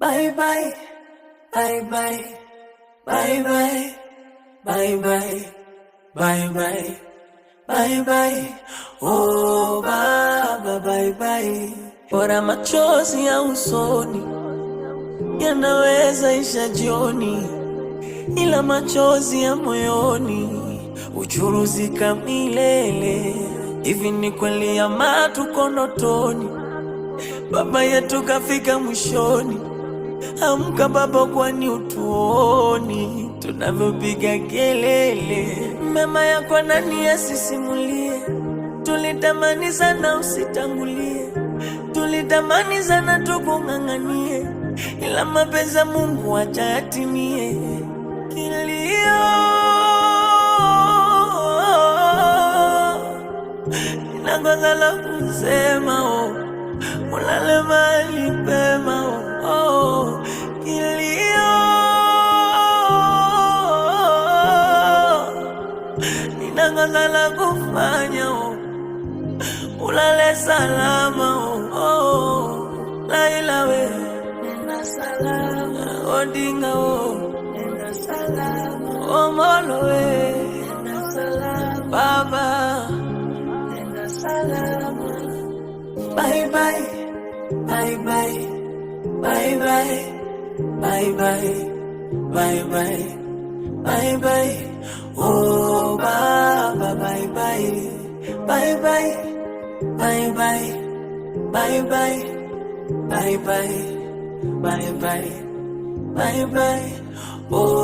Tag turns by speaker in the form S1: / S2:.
S1: Bye bye, bye bye, bye bye, bye bye, bye bye, bye bye. Oh baba, bye bye.
S2: Bora machozi ya usoni yanaweza isha jioni, ila machozi ya moyoni uchuruzika milele. Hivi ni kweli ama tuko ndotoni? Baba yetu kafika mwishoni Amka baba, kwani utuoni tunavyopiga kelele? mema yako nani asisimulie? Tulitamani sana usitangulie, tulitamani sana tukung'ang'anie, ila mapenzi Mungu acha atimie. Kilio ninagonga kusema, oh, ulale mahali pema na gonga la kufanya ulale salama oh, Laila we
S3: nenda salama
S2: Odinga o,
S3: nenda salama
S2: Omolo we nenda
S3: salama Baba nenda salama
S1: Bye bye bye bye bye bye bye bye bye bye bye bye oh bye bye bye, bye bye, bye bye, bye bye, bye bye, bye bye, oh.